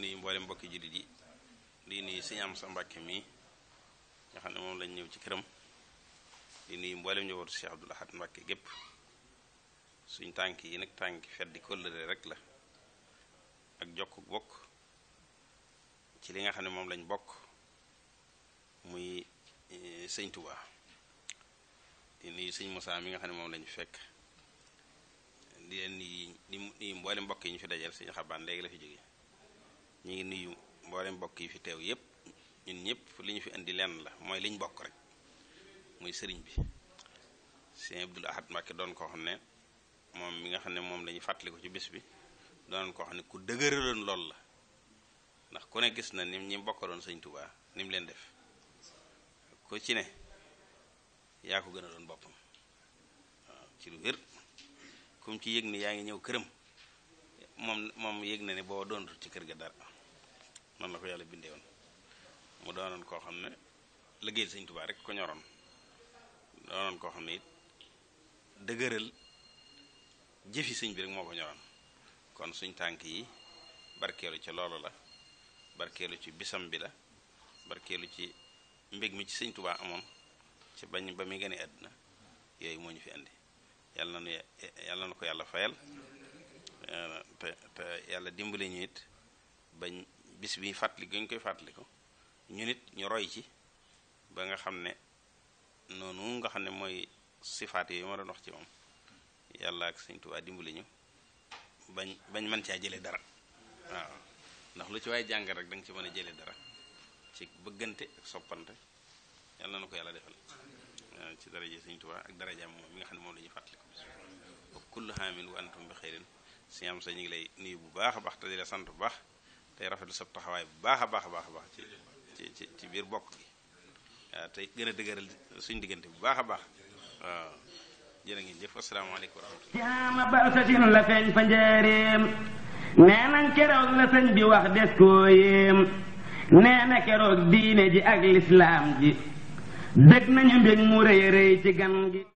nuyu mboole mbokki jullit yi di nuyu sëñ Amsa Mbàkke mi nga xam ne moom lañ ñëw ci këram di mboole mboolem njabootu Cheikh Abdoul Ahad Mbàkke gépp suñ tànk yi nag tànk feddi kóllëre rek la ak jokk bokk ci li nga xam ne moom lañ bokk muy e, sëñ Tuubaa di nuyu sëñ mosaam mi nga xam ne moom lañ fekk di leen nuyu di nuyu mboolem mbokk yi ñu fi dajal sëñ xabaan léegi la fi jógee ñu ngi nuyu mboolem mbokk yi fi teew yépp ñun ñëpp li ñu fi indi lenn la mooy liñ bokk rek muy sëriñ bi sëriñ Abdul Ahad Mbàkke doon koo xam ne moom mi nga xam ne moom lañuy fàttaliku ci bis bi doon koo xam ne ku dëgëraloon lool la ndax ku ne gis na ni ñi bokkaloon sëriñ Tuubaa ni mu leen def ku ci ne yaa ko gën a doon boppam waaw ci lu wér kum ci yëg ni yaa ngi ñëw këram mom mom yëg na ne boo doonul ci kër ga dar man la ko yalla bindé won mu doonoon koo xam ne liggéeyal sëñ Tuubaa rek ko ñoroon ne jëfi seigne bi rek moko kon suñ tank yi barkeelu ci loolu la barkeelu ci bisam bi la barkeelu ci mbég mi ci seigne touba amon ci bañ ba mi gëné a yoy moñu fi andi yalla yalla ko yalla fayal Euh, yàlla dimbali ñu it bañ bis bi fàttali gañ koy fàttali ko ñu nit ñu roy ci ba nga xam ne noonu nga xam ne mooy sifaat yooyu ma doon wax ci moom yàlla ak sëñ Tuubaa dimbali ñu bañ bañ mën caa jële dara waaw ndax lu ci waaye jàng rek da nga ci mën a jële dara ci bëggante ak soppante yàlla na ko yàlla defal ci daraje sëñ Tuubaa ak darajaam moom mi nga xam ne moom la ñuy fàttali ko wa kullu haamin wa antum si am sa ñu ngi lay nuyu bu baax a baax te di la sant bu baax tey rafetlu sab taxawaay bu baax a baax a baax a baax ci ci ci biir bokk gi tey gën a dëgëral suñ diggante bu baax a baax waaw jërë ngeen jëf asalaamaaleykum a rahmatulah. jaama balsasin la feeñ fa njëriñ nee nañ keroog bi wax des koo yéem na keroog diine ji ak lislaam ji dëgg nañu mbég mu rëy rëy ci gan